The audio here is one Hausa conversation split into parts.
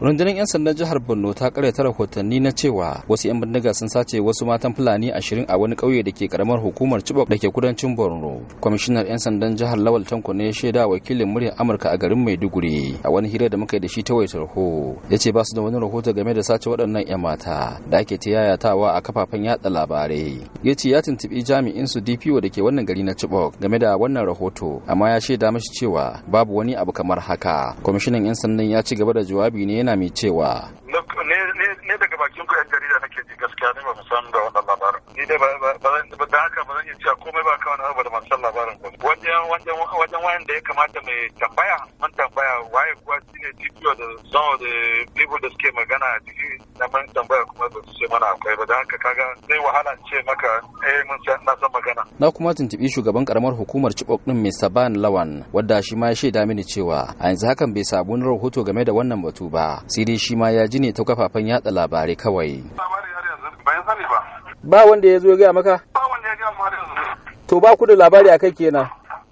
rundunar 'yan sandan jihar borno ta karyata rahotanni na cewa wasu 'yan bindiga sun sace wasu matan fulani ashirin a wani ƙauye da ke karamar hukumar chibok da ke kudancin borno kwamishinar 'yan sandan jihar lawal tanko ne shaida wakilin muryar amurka a garin maiduguri a wani hira da muka yi da shi ta waitar ho ya ce ba su da wani rahoto game da sace waɗannan 'yan mata da ake ta yayatawa a kafafen yatsa labarai ya ce ya tuntuɓi jami'in su dpo da ke wannan gari na chibok game da wannan rahoto amma ya shaida mashi cewa babu wani abu kamar haka kwamishinan 'yan sandan ya ci gaba da jawabi ne yana mai cewa ne daga bakin ku yan jarida nake ji gaskiya ne ba mu san da wannan ni dai ba da haka ba zan iya cewa komai ba kawai na da masu labarin ba wajen wajen wajen wayan da ya kamata mai tambaya mun tambaya waye kuwa shine TPO da some of the da suke magana a jiki na mun tambaya kuma ba su ce mana akwai ba da haka kaga zai wahala ce maka eh mun san na san magana na kuma tuntubi shugaban karamar hukumar Chibok din mai Saban Lawan wanda shi ma ya shaida mini cewa a yanzu hakan bai sabu rahoto game da wannan batu ba sai dai shi ma ya ji ne ta kafafen yatsa labarai kawai ba wanda ya zo ya gaya maka ba wanda ya gaya maka to ba ku da labari akai kenan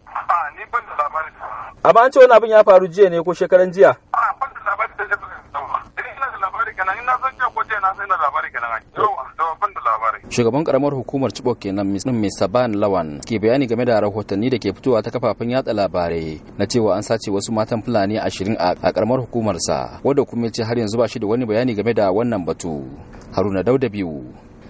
a ni ban da labari amma an ce wani abin ya faru jiya ne ko shekaran jiya a ban da labari da ya Shugaban karamar hukumar Chibok kenan Ms. Saban Lawan ke bayani game da rahotanni da ke fitowa ta kafafen yatsa labarai na cewa an sace wasu matan Fulani ashirin a karamar hukumarsa wadda kuma ya ce har yanzu ba shi da wani bayani game da wannan batu. Haruna Dauda biyu